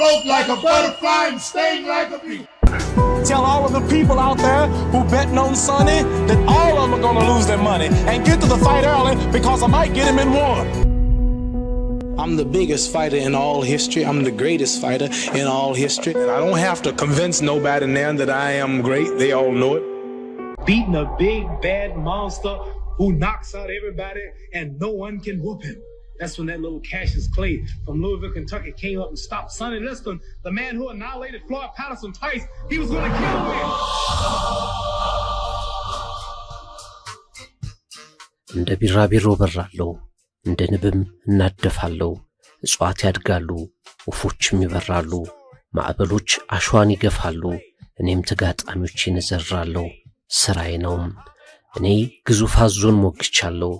Float like a butterfly and sting like a bee. Tell all of the people out there who betting on Sonny that all of them are gonna lose their money and get to the fight early because I might get him in one. I'm the biggest fighter in all history. I'm the greatest fighter in all history. And I don't have to convince nobody now that I am great. They all know it. Beating a big bad monster who knocks out everybody and no one can whoop him. That's when that little Cassius Clay from Louisville, Kentucky came up and stopped Sonny Liston, the man who annihilated Floyd Patterson twice. He was going to kill him. እንደ ቢራቢሮ በራለው፣ እንደ ንብም እናደፋለው። እጽዋት ያድጋሉ፣ ወፎችም ይበራሉ። ማዕበሎች አሸዋን ይገፋሉ። እኔም ተጋጣሚዎቼን እዘራለሁ፣ ስራዬ ነው። እኔ ግዙፍ አዞን ሞግቻለሁ፣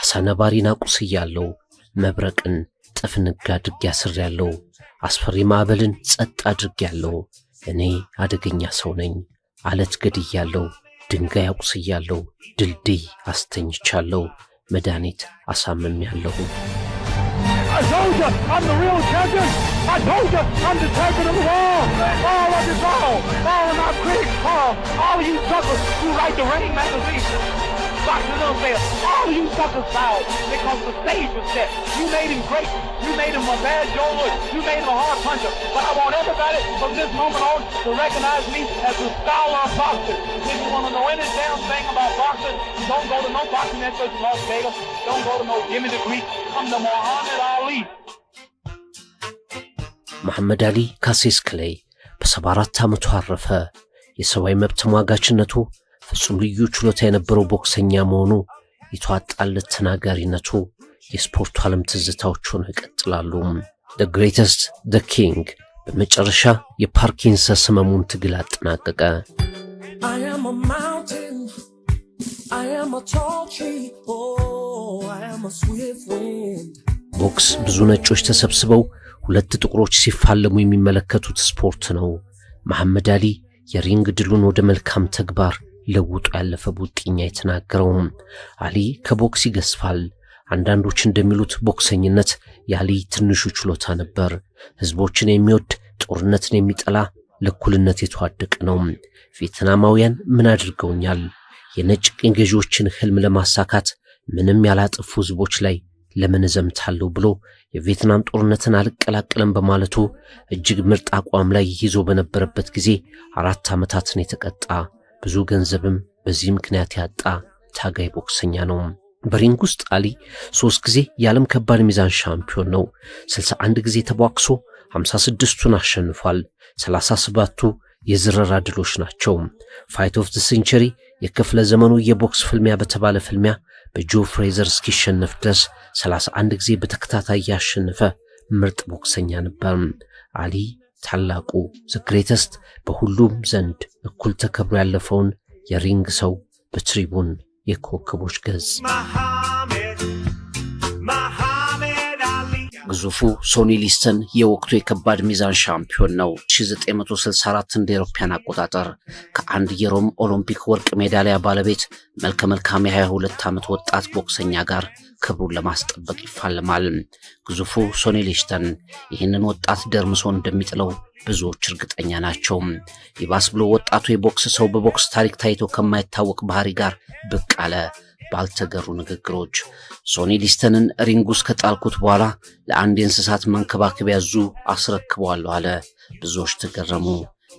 አሳነባሪን አቁስያለሁ። መብረቅን ጥፍንግ አድርጌ ያለው አስፈሪ ማዕበልን ጸጥ ያለው እኔ አደገኛ ሰው ነኝ። አለት ገድያለሁ። ድንጋይ አቁስያለሁ። ድልድይ አስተኝቻለሁ። መድኃኒት ያለሁ I'm saying, all you suckers bowed because the stage was set. You made him great. You made him a bad joker. You made him a hard puncher. But I want everybody from this moment on to recognize me as a scholar of boxing. If you want to know any damn thing about boxing, don't go to no boxing experts in Las Vegas. Don't go to no Jimmy the Greek. Come to Muhammad Ali. መሐመድ አሊ ካሴስ ክሌይ በሰባ አራት ዓመቱ አረፈ። የሰብአዊ መብት ተሟጋችነቱ ፍጹም ልዩ ችሎታ የነበረው ቦክሰኛ መሆኑ የተዋጣለት ተናጋሪነቱ የስፖርቱ ዓለም ትዝታዎች ሆነው ይቀጥላሉ። ደ ግሬተስት ደ ኪንግ በመጨረሻ የፓርኪንሰንስ ህመሙን ትግል አጠናቀቀ። oh, ቦክስ ብዙ ነጮች ተሰብስበው ሁለት ጥቁሮች ሲፋለሙ የሚመለከቱት ስፖርት ነው። መሐመድ አሊ የሪንግ ድሉን ወደ መልካም ተግባር ለውጦ ያለፈ ቡጢኛ አይተናገረውም። አሊ ከቦክስ ይገዝፋል። አንዳንዶች እንደሚሉት ቦክሰኝነት የአሊ ትንሹ ችሎታ ነበር። ህዝቦችን የሚወድ ጦርነትን የሚጠላ ለእኩልነት የተዋደቀ ነው። ቪየትናማውያን ምን አድርገውኛል? የነጭ ቅኝ ገዢዎችን ህልም ለማሳካት ምንም ያላጠፉ ህዝቦች ላይ ለምን እዘምታለሁ ብሎ የቪየትናም ጦርነትን አልቀላቀለም በማለቱ እጅግ ምርጥ አቋም ላይ ይዞ በነበረበት ጊዜ አራት ዓመታትን የተቀጣ ብዙ ገንዘብም በዚህ ምክንያት ያጣ ታጋይ ቦክሰኛ ነው። በሪንግ ውስጥ አሊ ሶስት ጊዜ የዓለም ከባድ ሚዛን ሻምፒዮን ነው። 61 ጊዜ ተቧክሶ 56ቱን አሸንፏል። 37ቱ የዝረራ ድሎች ናቸው። ፋይት ኦፍ ዘ ሴንቸሪ የክፍለ ዘመኑ የቦክስ ፍልሚያ በተባለ ፍልሚያ በጆ ፍሬዘር እስኪሸነፍ ድረስ 31 ጊዜ በተከታታይ ያሸነፈ ምርጥ ቦክሰኛ ነበር አሊ ታላቁ ዘግሬተስት በሁሉም ዘንድ እኩል ተከብሮ ያለፈውን የሪንግ ሰው በትሪቡን የኮከቦች ገጽ ግዙፉ ሶኒ ሊስተን የወቅቱ የከባድ ሚዛን ሻምፒዮን ነው። 1964 እንደ ኤሮፓያን አቆጣጠር ከአንድ የሮም ኦሎምፒክ ወርቅ ሜዳሊያ ባለቤት መልከ መልካም የ22 ዓመት ወጣት ቦክሰኛ ጋር ክብሩን ለማስጠበቅ ይፋልማል። ግዙፉ ሶኒ ሊስተን ይህንን ወጣት ደርምሶ እንደሚጥለው ብዙዎች እርግጠኛ ናቸው። ይባስ ብሎ ወጣቱ የቦክስ ሰው በቦክስ ታሪክ ታይቶ ከማይታወቅ ባህሪ ጋር ብቅ አለ። ባልተገሩ ንግግሮች ሶኒ ሊስተንን ሪንግ ውስጥ ከጣልኩት በኋላ ለአንድ የእንስሳት መንከባከቢያ ዙ አስረክበዋለሁ አለ። ብዙዎች ተገረሙ።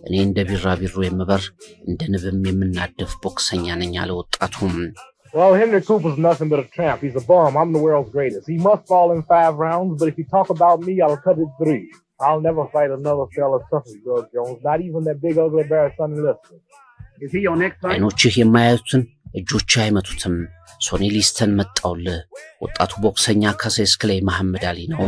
እኔ እንደ ቢራቢሮ የምበር እንደ ንብም የምናደፍ ቦክሰኛ ነኝ አለ ወጣቱም። Well, Henry Cooper's nothing but a tramp. He's a bum. I'm the world's greatest. He must fall in five rounds, but if you talk about me, I'll cut it three. I'll never fight another fella tough as Doug Jones, not even that big ugly bear Sonny Liston. Is he your next fight? አይኖችህ የማያዩትን እጆችህ አይመቱትም። ሶኒ ሊስተን መጣውል ወጣቱ ቦክሰኛ ካሴስ መሐመድ አሊ ነው።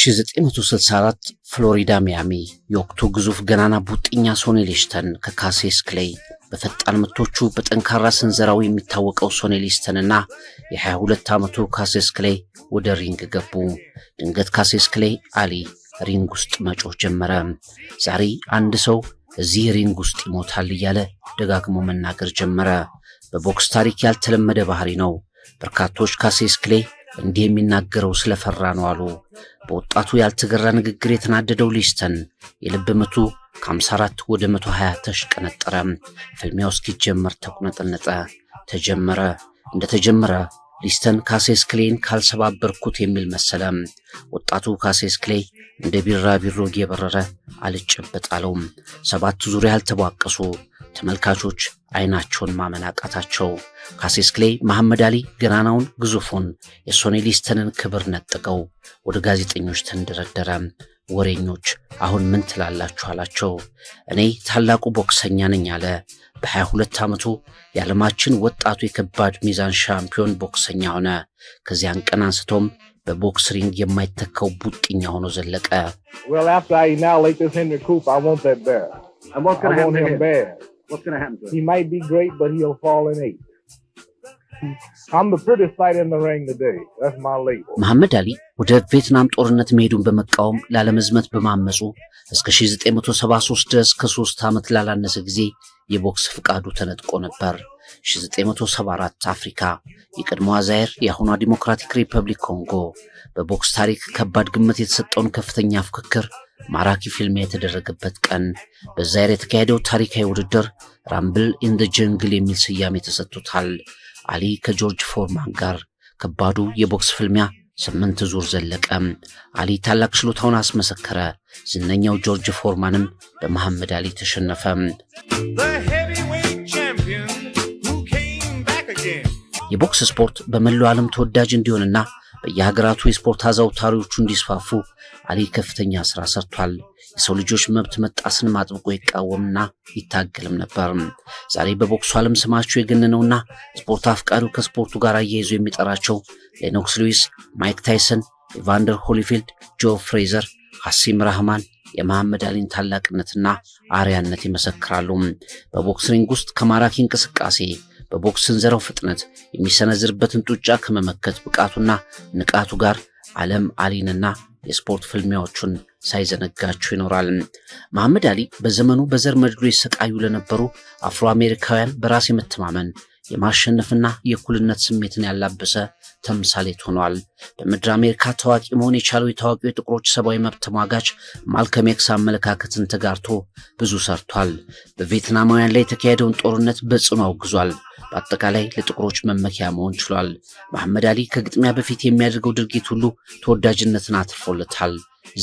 ሺ964 ፍሎሪዳ ሚያሚ። የወቅቱ ግዙፍ ገናና ቡጢኛ ሶኒ ሊስተን ከካሴስ ክሌይ በፈጣን ምቶቹ በጠንካራ ስንዘራው የሚታወቀው ሶኒ ሊስተንና የ22 ዓመቱ ካሴስ ክሌይ ወደ ሪንግ ገቡ። ድንገት ካሴስ ክሌይ አሊ ሪንግ ውስጥ መጮህ ጀመረ። ዛሬ አንድ ሰው እዚህ ሪንግ ውስጥ ይሞታል እያለ ደጋግሞ መናገር ጀመረ። በቦክስ ታሪክ ያልተለመደ ባህሪ ነው። በርካቶች ካሴስ ክሌይ እንዲህ የሚናገረው ስለፈራ ነው አሉ። በወጣቱ ያልተገራ ንግግር የተናደደው ሊስተን የልብ ምቱ ከ54 ወደ 120 ተሽቀነጠረ። ፍልሚያው እስኪጀመር ተቁነጠነጠ። ተጀመረ። እንደተጀመረ ሊስተን ካሴስ ክሌን ካልሰባበርኩት የሚል መሰለ። ወጣቱ ካሴስ ክሌ እንደ ቢራቢሮ እየበረረ አልጨበጥ አለው። ሰባት ዙሪያ አልተቧቀሱ። ተመልካቾች አይናቸውን ማመን አቃታቸው። ካሴስ ክሌ መሐመድ አሊ ገናናውን ግዙፉን የሶኔ ሊስተንን ክብር ነጥቀው ወደ ጋዜጠኞች ተንደረደረ። ወሬኞች አሁን ምን ትላላችሁ አላቸው። እኔ ታላቁ ቦክሰኛ ነኝ አለ። በ22 ዓመቱ የዓለማችን ወጣቱ የከባድ ሚዛን ሻምፒዮን ቦክሰኛ ሆነ። ከዚያን ቀን አንስቶም በቦክስ ሪንግ የማይተካው ቡጥኛ ሆኖ ዘለቀ። Henry መሐመድ አሊ ወደ ቪየትናም ጦርነት መሄዱን በመቃወም ላለመዝመት በማመፁ እስከ 1973 ድረስ ከሶስት ዓመት ላላነሰ ጊዜ የቦክስ ፍቃዱ ተነጥቆ ነበር። 1974 አፍሪካ የቀድሞዋ ዛይር የአሁኗ ዲሞክራቲክ ሪፐብሊክ ኮንጎ በቦክስ ታሪክ ከባድ ግምት የተሰጠውን ከፍተኛ ፉክክር ማራኪ ፊልም የተደረገበት ቀን በዛይር የተካሄደው ታሪካዊ ውድድር ራምብል ኢን ዘ ጀንግል የሚል ስያሜ ተሰጥቶታል። አሊ ከጆርጅ ፎርማን ጋር ከባዱ የቦክስ ፍልሚያ ስምንት ዙር ዘለቀ። አሊ ታላቅ ችሎታውን አስመሰከረ። ዝነኛው ጆርጅ ፎርማንም በመሐመድ አሊ ተሸነፈ። የቦክስ ስፖርት በመላው ዓለም ተወዳጅ እንዲሆንና በየሀገራቱ የስፖርት አዘውታሪዎቹ እንዲስፋፉ አሊ ከፍተኛ ስራ ሰርቷል። የሰው ልጆች መብት መጣስን አጥብቆ ይቃወምና ይታገልም ነበር። ዛሬ በቦክሱ ዓለም ስማቸው የገነነውና ስፖርት አፍቃሪው ከስፖርቱ ጋር አያይዞ የሚጠራቸው ሌኖክስ ሉዊስ፣ ማይክ ታይሰን፣ ኢቫንደር ሆሊፊልድ፣ ጆ ፍሬዘር፣ ሐሲም ራህማን የመሐመድ አሊን ታላቅነትና አርያነት ይመሰክራሉ። በቦክስ ሪንግ ውስጥ ከማራኪ እንቅስቃሴ በቦክስ ዘረው ፍጥነት የሚሰነዝርበትን ጡጫ ከመመከት ብቃቱና ንቃቱ ጋር ዓለም አሊንና የስፖርት ፍልሚያዎቹን ሳይዘነጋችሁ ይኖራል። መሐመድ አሊ በዘመኑ በዘር መድሎ ይሰቃዩ ለነበሩ አፍሮ አሜሪካውያን በራስ የመተማመን የማሸነፍና የእኩልነት ስሜትን ያላበሰ ተምሳሌት ሆኗል። በምድር አሜሪካ ታዋቂ መሆን የቻለው የታዋቂው የጥቁሮች ሰብአዊ መብት ተሟጋች ማልከም ኤክስ አመለካከትን ተጋርቶ ብዙ ሰርቷል። በቪየትናማውያን ላይ የተካሄደውን ጦርነት በጽኑ አውግዟል። በአጠቃላይ ለጥቁሮች መመኪያ መሆን ችሏል። መሐመድ አሊ ከግጥሚያ በፊት የሚያደርገው ድርጊት ሁሉ ተወዳጅነትን አትርፎለታል።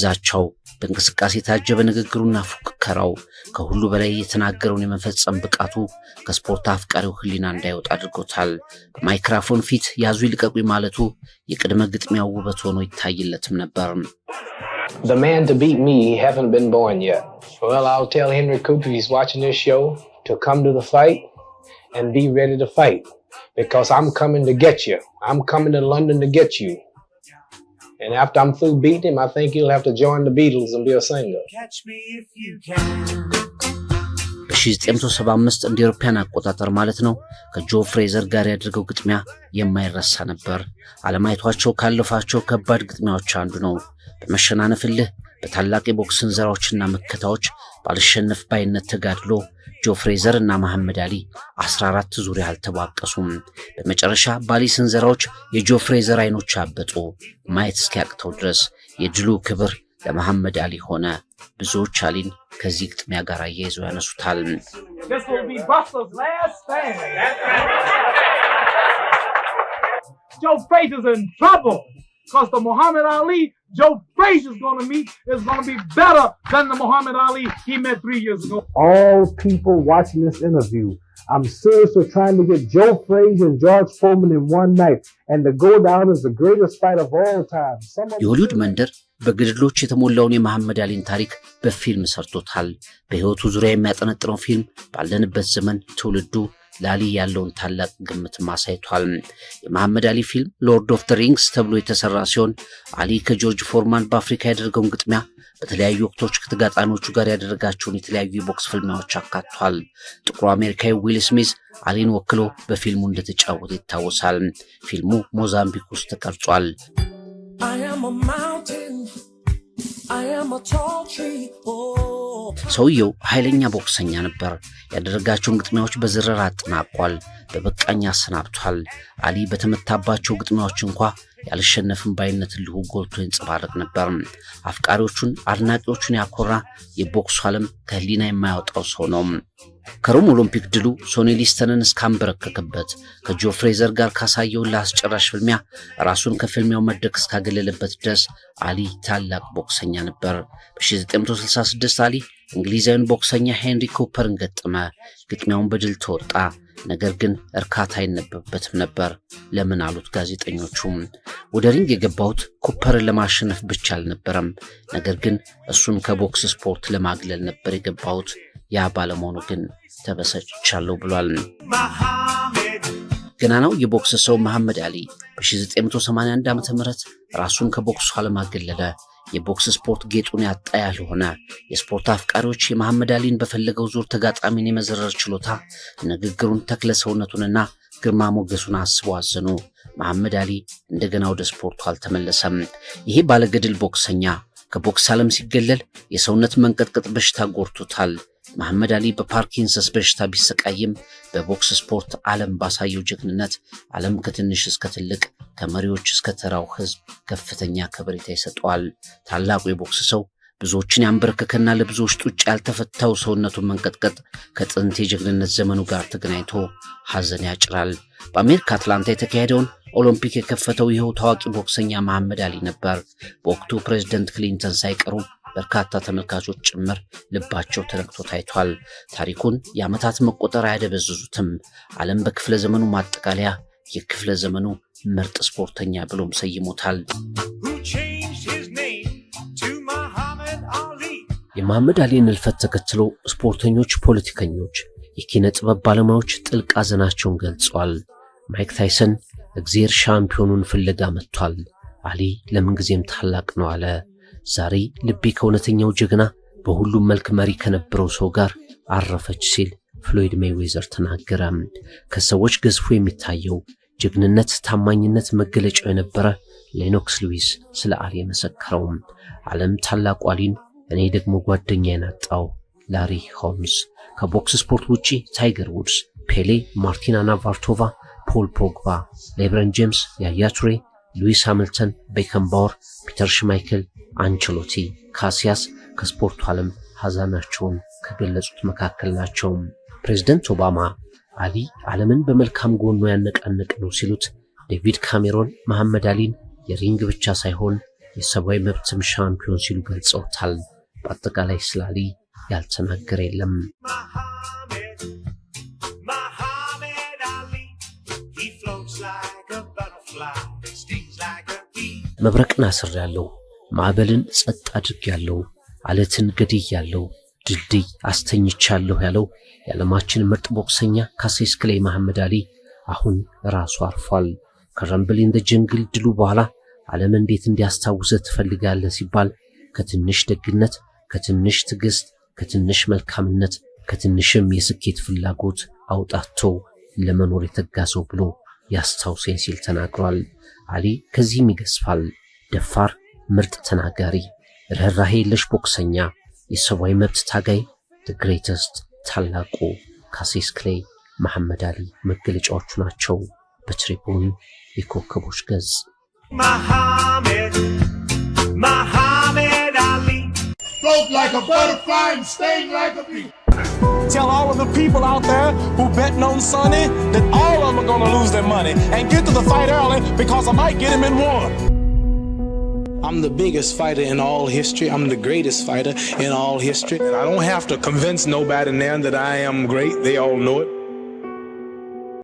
ዛቻው፣ በእንቅስቃሴ የታጀበ ንግግሩና ፉክከራው፣ ከሁሉ በላይ የተናገረውን የመፈጸም ብቃቱ ከስፖርት አፍቃሪው ሕሊና እንዳይወጣ አድርጎታል። በማይክራፎን ፊት ያዙ ይልቀቁ ማለቱ የቅድመ ግጥሚያው ውበት ሆኖ ይታይለትም ነበር። The and be ready to fight because I'm coming to get you. I'm coming to London to get you. And after I'm through beating him, I think he'll have to join the Beatles and be a singer. Catch me if you can. 1975 እንደ አውሮፓውያን አቆጣጠር ማለት ነው። ከጆ ፍሬዘር ጋር ያደረገው ግጥሚያ የማይረሳ ነበር። አለማየቷቸው ካለፋቸው ከባድ ግጥሚያዎች አንዱ ነው። በመሸናነፍልህ በታላቅ የቦክስ ስንዘራዎችና መከታዎች ባልሸነፍ ባይነት ተጋድሎ ጆፍሬዘር እና መሐመድ አሊ 14 ዙሪያ አልተቧቀሱም በመጨረሻ ባሊ ስንዘራዎች የጆፍሬዘር አይኖች አበጡ። ማየት እስኪያቅተው ድረስ የድሉ ክብር ለመሐመድ አሊ ሆነ። ብዙዎች አሊን ከዚህ ግጥሚያ ጋር አያይዘው ያነሱታል። Joe Frazier's in trouble because the Muhammad Ali Joe Frazier's going to meet is going to be better than the Muhammad Ali he met three years ago. All people watching this interview, I'm seriously trying to get Joe Frazier and George Foreman in one night, and to go down as the greatest fight of all time. የሆሊውድ መንደር በግድሎች የተሞላውን የመሐመድ አሊን ታሪክ በፊልም ሰርቶታል። በሕይወቱ ዙሪያ የሚያጠነጥነው ፊልም ባለንበት ዘመን ትውልዱ ለአሊ ያለውን ታላቅ ግምት አሳይቷል። የመሐመድ አሊ ፊልም ሎርድ ኦፍ ሪንግስ ተብሎ የተሰራ ሲሆን አሊ ከጆርጅ ፎርማን በአፍሪካ ያደረገውን ግጥሚያ በተለያዩ ወቅቶች ከተጋጣሚዎቹ ጋር ያደረጋቸውን የተለያዩ የቦክስ ፍልሚያዎች አካቷል። ጥቁሩ አሜሪካዊ ዊል ስሚዝ አሊን ወክሎ በፊልሙ እንደተጫወተ ይታወሳል። ፊልሙ ሞዛምቢክ ውስጥ ተቀርጿል። ሰውየው ኃይለኛ ቦክሰኛ ነበር። ያደረጋቸውን ግጥሚያዎች በዝረራ አጠናቋል፣ በበቃኝ አሰናብቷል። አሊ በተመታባቸው ግጥሚያዎች እንኳ ያልሸነፍን ባይነት እንዲሁ ጎልቶ ይንጸባረቅ ነበር። አፍቃሪዎቹን አድናቂዎቹን ያኮራ የቦክሱ ዓለም ከህሊና የማያወጣው ሰው ነው። ከሮም ኦሎምፒክ ድሉ ሶኒ ሊስተንን እስካንበረከከበት ከጆ ፍሬዘር ጋር ካሳየው ለአስጨራሽ ፍልሚያ ራሱን ከፍልሚያው መድረክ እስካገለለበት ድረስ አሊ ታላቅ ቦክሰኛ ነበር። በ1966 አሊ እንግሊዛዊን ቦክሰኛ ሄንሪ ኮፐርን ገጠመ። ግጥሚያውን በድል ተወጣ። ነገር ግን እርካታ አይነበበትም ነበር። ለምን አሉት ጋዜጠኞቹም። ወደ ሪንግ የገባሁት ኩፐርን ለማሸነፍ ብቻ አልነበረም፣ ነገር ግን እሱን ከቦክስ ስፖርት ለማግለል ነበር የገባሁት። ያ ባለመሆኑ ግን ተበሳጭቻለሁ ብሏል። ገናናው የቦክስ ሰው መሐመድ አሊ በ 981 ዓ ም ራሱን ከቦክሱ አለማገለለ። የቦክስ ስፖርት ጌጡን ያጣያ የሆነ የስፖርት አፍቃሪዎች የመሐመድ አሊን በፈለገው ዙር ተጋጣሚን የመዘረር ችሎታ፣ ንግግሩን፣ ተክለ ሰውነቱንና ግርማ ሞገሱን አስቦ አዘኑ። መሐመድ አሊ እንደገና ወደ ስፖርቱ አልተመለሰም። ይሄ ባለገድል ቦክሰኛ ከቦክስ ዓለም ሲገለል የሰውነት መንቀጥቀጥ በሽታ ጎርቶታል። መሐመድ አሊ በፓርኪንሰስ በሽታ ቢሰቃይም በቦክስ ስፖርት ዓለም ባሳየው ጀግንነት ዓለም ከትንሽ እስከ ትልቅ ከመሪዎች እስከ ተራው ሕዝብ ከፍተኛ ከበሬታ ይሰጠዋል። ታላቁ የቦክስ ሰው ብዙዎችን ያንበረከከና ለብዙዎች ጡጫ ያልተፈታው ሰውነቱን መንቀጥቀጥ ከጥንት የጀግንነት ዘመኑ ጋር ተገናኝቶ ሐዘን ያጭራል። በአሜሪካ አትላንታ የተካሄደውን ኦሎምፒክ የከፈተው ይኸው ታዋቂ ቦክሰኛ መሐመድ አሊ ነበር። በወቅቱ ፕሬዚደንት ክሊንተን ሳይቀሩ በርካታ ተመልካቾች ጭምር ልባቸው ተነክቶ ታይቷል። ታሪኩን የዓመታት መቆጠር አያደበዝዙትም። ዓለም በክፍለ ዘመኑ ማጠቃለያ የክፍለ ዘመኑ ምርጥ ስፖርተኛ ብሎም ሰይሞታል። የመሐመድ አሊን እልፈት ተከትሎ ስፖርተኞች፣ ፖለቲከኞች፣ የኪነ ጥበብ ባለሙያዎች ጥልቅ ሐዘናቸውን ገልጸዋል። ማይክ ታይሰን እግዜር ሻምፒዮኑን ፍለጋ መጥቷል፣ አሊ ለምንጊዜም ታላቅ ነው አለ። ዛሬ ልቤ ከእውነተኛው ጀግና በሁሉም መልክ መሪ ከነበረው ሰው ጋር አረፈች ሲል ፍሎይድ ሜይዌዘር ተናገረ። ከሰዎች ገዝፎ የሚታየው ጀግንነት፣ ታማኝነት መገለጫው የነበረ ሌኖክስ ሉዊስ ስለ አሊ የመሰከረው ዓለም ታላቁ አሊን እኔ ደግሞ ጓደኛ አጣው ላሪ ሆምስ ከቦክስ ስፖርት ውጪ ታይገር ውድስ፣ ፔሌ፣ ማርቲና ናቫርቶቫ፣ ፖል ፖግባ፣ ሌብረን ጄምስ፣ ያያቱሬ ሉዊስ ሃሚልተን፣ ቤከንባወር፣ ፒተር ሽማይክል አንቸሎቲ ካሲያስ ከስፖርቱ ዓለም ሀዛናቸውን ከገለጹት መካከል ናቸው። ፕሬዝደንት ኦባማ አሊ ዓለምን በመልካም ጎኑ ያነቃነቅ ነው ሲሉት፣ ዴቪድ ካሜሮን መሐመድ አሊን የሪንግ ብቻ ሳይሆን የሰብአዊ መብትም ሻምፒዮን ሲሉ ገልጸውታል። በአጠቃላይ ስለ አሊ ያልተናገረ የለም። መብረቅን አስር ያለው ማዕበልን ጸጥ አድርጌያለሁ፣ አለትን ገድያለሁ፣ ድልድይ አስተኝቻለሁ ያለው የዓለማችን ምርጥ ቦክሰኛ ካሴስ ክሌ መሐመድ አሊ አሁን ራሱ አርፏል። ከረምብል ኢን ዘ ጀንግል ድሉ በኋላ ዓለም እንዴት እንዲያስታውሰ ትፈልጋለህ ሲባል ከትንሽ ደግነት፣ ከትንሽ ትዕግስት፣ ከትንሽ መልካምነት፣ ከትንሽም የስኬት ፍላጎት አውጣቶ ለመኖር የተጋሰው ብሎ ያስታውሰኝ ሲል ተናግሯል። አሊ ከዚህም ይገዝፋል። ደፋር ምርጥ ተናጋሪ፣ ርኅራሄ የለሽ ቦክሰኛ፣ የሰብአዊ መብት ታጋይ፣ ደ ግሬተስት ታላቁ ካሴስ ክሌይ መሐመድ አሊ መገለጫዎቹ ናቸው። በትሪቡን የኮከቦች ገጽ መሐመድ መሐመድ አሊ Tell all of the people out there who betting on Sonny that all of them are going to lose their money and get to the fight early because I might get him in one. I'm the biggest fighter in all history. I'm the greatest fighter in all history. And I don't have to convince nobody now that I am great. They all know it.